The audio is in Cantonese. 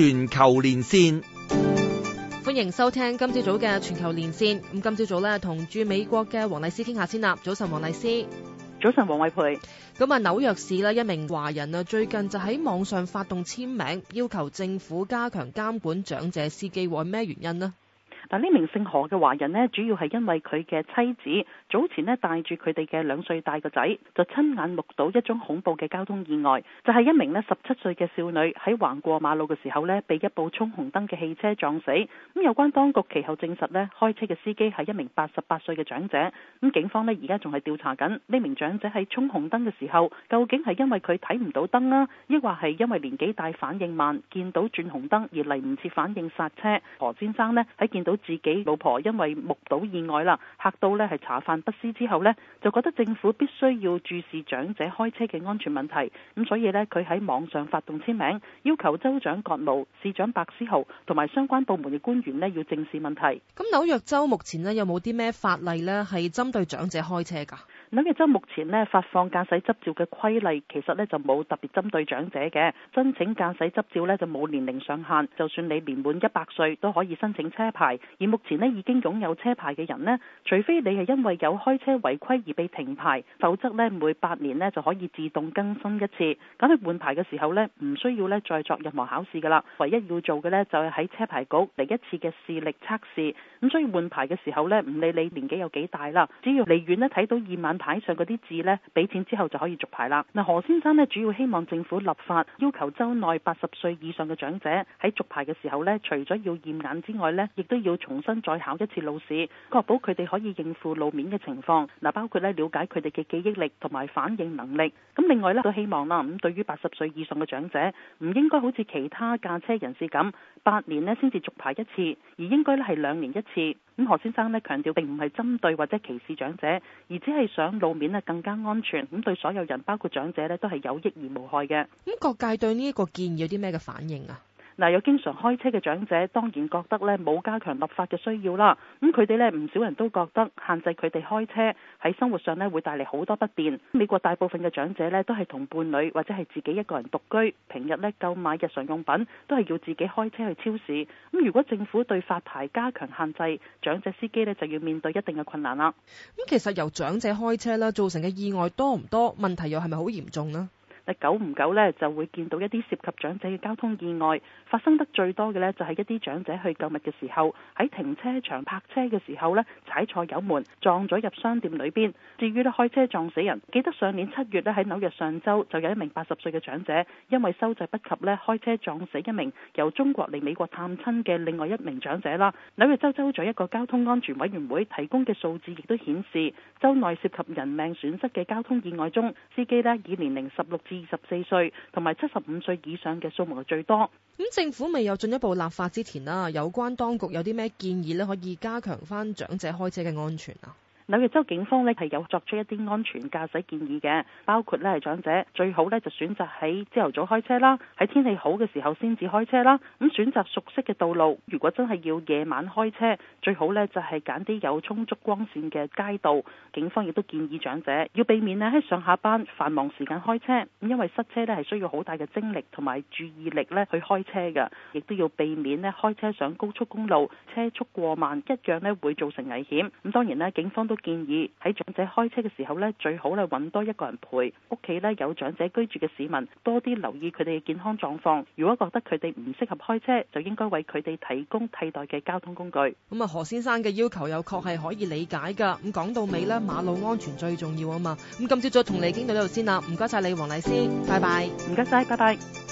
全球連線，歡迎收聽今朝早嘅全球連線。咁今朝早咧，同駐美國嘅黃麗施傾下先啦。早晨，黃麗施，早晨，王慧蓓。咁啊，紐約市咧一名華人啊，最近就喺網上發動簽名，要求政府加強監管長者司機，話咩原因呢？但呢名姓何嘅華人呢，主要係因為佢嘅妻子早前呢帶住佢哋嘅兩歲大個仔，就親眼目睹一宗恐怖嘅交通意外，就係一名呢十七歲嘅少女喺橫過馬路嘅時候呢被一部衝紅燈嘅汽車撞死。咁有關當局其後證實呢開車嘅司機係一名八十八歲嘅長者。咁警方呢而家仲係調查緊，呢名長者喺衝紅燈嘅時候，究竟係因為佢睇唔到燈啊，抑或係因為年紀大反應慢，見到轉紅燈而嚟唔切反應剎車？何先生呢，喺見到自己老婆因為目睹意外啦，嚇到咧係茶飯不思之後咧，就覺得政府必須要注視長者開車嘅安全問題，咁所以咧佢喺網上發動簽名，要求州長葛謨、市長白思豪同埋相關部門嘅官員咧要正視問題。咁紐約州目前咧有冇啲咩法例咧係針對長者開車噶？紐約州目前咧發放駕駛執照嘅規例，其實咧就冇特別針對長者嘅，申請駕駛執照咧就冇年齡上限，就算你年滿一百歲都可以申請車牌。而目前呢已經擁有車牌嘅人呢，除非你係因為有開車違規而被停牌，否則呢每八年呢就可以自動更新一次。咁你換牌嘅時候呢，唔需要呢再作任何考試嘅啦。唯一要做嘅呢，就係喺車牌局嚟一次嘅視力測試。咁所以換牌嘅時候呢，唔理你年紀有幾大啦，只要離遠呢睇到驗眼牌上嗰啲字呢，俾錢之後就可以續牌啦。嗱，何先生呢，主要希望政府立法要求州內八十歲以上嘅長者喺續牌嘅時候呢，除咗要驗眼之外呢，亦都要。重新再考一次路試，確保佢哋可以應付路面嘅情況。嗱，包括咧了解佢哋嘅記憶力同埋反應能力。咁另外咧，都希望啦。咁對於八十歲以上嘅長者，唔應該好似其他駕車人士咁八年咧先至續牌一次，而應該咧係兩年一次。咁何先生咧強調，並唔係針對或者歧視長者，而只係想路面咧更加安全。咁對所有人，包括長者咧，都係有益而無害嘅。咁各界對呢一個建議有啲咩嘅反應啊？嗱，有經常開車嘅長者當然覺得咧冇加強立法嘅需要啦。咁佢哋咧唔少人都覺得限制佢哋開車喺生活上咧會帶嚟好多不便。美國大部分嘅長者咧都係同伴侶或者係自己一個人獨居，平日咧購買日常用品都係要自己開車去超市。咁、嗯、如果政府對發牌加強限制，長者司機咧就要面對一定嘅困難啦。咁、嗯、其實由長者開車咧造成嘅意外多唔多？問題又係咪好嚴重呢？誒久唔久呢，就會見到一啲涉及長者嘅交通意外發生得最多嘅呢，就係一啲長者去購物嘅時候，喺停車場泊車嘅時候呢，踩錯油門撞咗入商店裏邊。至於呢，開車撞死人，記得上年七月呢，喺紐約上州就有一名八十歲嘅長者，因為收制不及呢，開車撞死一名由中國嚟美國探親嘅另外一名長者啦。紐約州州長一個交通安全委員會提供嘅數字亦都顯示，州內涉及人命損失嘅交通意外中，司機呢以年齡十六至二十四歲同埋七十五歲以上嘅數目係最多。咁，嗯，政府未有進一步立法之前啊，有關當局有啲咩建議咧，可以加強翻長者開車嘅安全啊？紐約州警方呢係有作出一啲安全駕駛建議嘅，包括咧係長者最好咧就選擇喺朝頭早開車啦，喺天氣好嘅時候先至開車啦。咁選擇熟悉嘅道路，如果真係要夜晚開車，最好咧就係揀啲有充足光線嘅街道。警方亦都建議長者要避免呢喺上下班繁忙時間開車，咁因為塞車咧係需要好大嘅精力同埋注意力咧去開車嘅，亦都要避免呢開車上高速公路，車速過慢一樣呢會造成危險。咁當然呢，警方都建議喺長者開車嘅時候咧，最好咧揾多一個人陪。屋企咧有長者居住嘅市民，多啲留意佢哋嘅健康狀況。如果覺得佢哋唔適合開車，就應該為佢哋提供替代嘅交通工具。咁啊，何先生嘅要求又確係可以理解噶。咁講到尾咧，馬路安全最重要啊嘛。咁今朝再同你傾到呢度先啦。唔該晒你，黃麗施，拜拜。唔該晒，拜拜。